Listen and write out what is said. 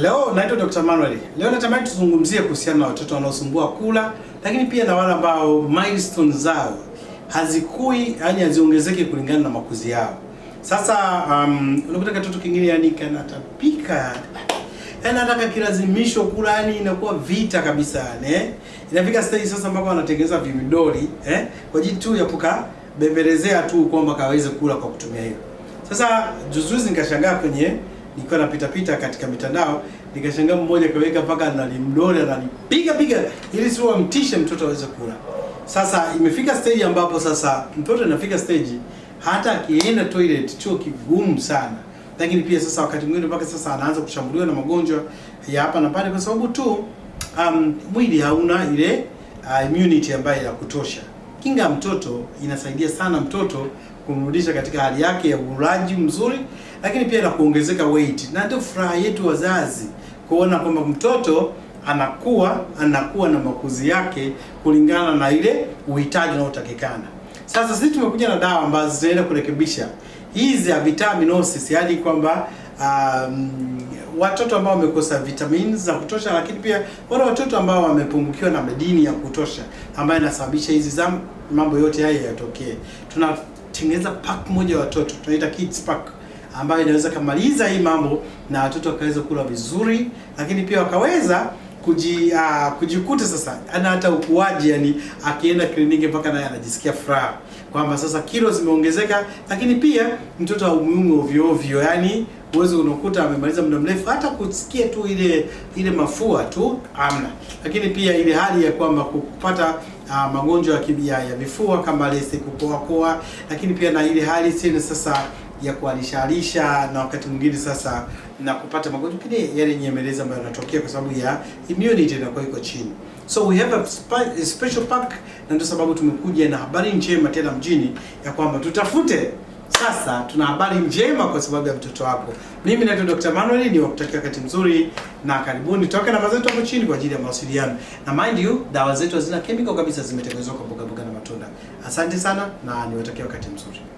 Leo naitwa Dr. Manuel. Leo natamani tuzungumzie kuhusiana na watoto wanaosumbua kula, lakini pia na wale ambao milestone zao hazikui, yani haziongezeki kulingana na makuzi yao. Sasa um, unakuta katoto kingine yani kanatapika yaani anataka kilazimisho kula, yani inakuwa vita kabisa yani. Inafika stage sasa mpaka wanatengeneza vimidori eh? kwa ajili tu ya kukabembelezea tu kwamba kaweze kula kwa kutumia hiyo. Sasa juzuzi nikashangaa kwenye nilikuwa napita pita katika mitandao nikashangaa mmoja kaweka mpaka nalimdole ananipiga piga ili si wamtishe mtoto aweze kula. Sasa imefika stage ambapo sasa mtoto inafika stage hata akienda toilet choo kigumu sana, lakini pia sasa wakati mwingine mpaka sasa anaanza kushambuliwa na magonjwa ya hapa na pale, kwa sababu tu um, mwili hauna ile uh, immunity ambayo ya kutosha. Kinga ya mtoto inasaidia sana mtoto kumrudisha katika hali yake ya ulaji mzuri, lakini pia na kuongezeka weight, na ndio furaha yetu wazazi kuona kwamba mtoto anakuwa anakuwa na makuzi yake kulingana na ile uhitaji unaotakikana. Sasa sisi tumekuja na dawa ambazo zinaenda kurekebisha hizi ya vitaminosis, yaani kwamba um, watoto ambao wamekosa vitamini za kutosha, lakini pia wale watoto ambao wamepungukiwa na madini ya kutosha ambayo inasababisha hizi zamu, mambo yote haya yatokee. Tunatengeneza pack moja ya watoto tunaita kids pack ambayo inaweza kamaliza hii mambo na watoto wakaweza kula vizuri, lakini pia wakaweza kuji, uh, kujikuta sasa ana hata ukuaji, yani akienda kliniki mpaka naye anajisikia furaha kwamba sasa kilo zimeongezeka, lakini pia mtoto haumiumi ovyo ovyo, yani uwezo unakuta amemaliza muda mrefu, hata kusikia tu ile ile mafua tu amna. Lakini pia ile hali ya kwamba kupata uh, magonjwa ya kibia ya mifua kama lesi kukoakoa, lakini pia na ile hali sasa ya kualishaalisha na wakati mwingine sasa na kupata magonjwa mengine yale nyemelezi ambayo yanatokea kwa sababu ya immunity inakuwa iko chini. So we have a, a special pack, na ndio sababu tumekuja na habari njema tena mjini ya kwamba tutafute sasa tuna habari njema kwa sababu ya mtoto wako. Mimi naitwa Dr. Manuel, ni wakutakia wakati mzuri na karibuni. Toka namba zetu hapo chini kwa ajili ya mawasiliano, na mind you, dawa zetu hazina chemical kabisa, zimetengenezwa kwa mboga mboga na matunda. Asante sana na niwatakia wakati mzuri.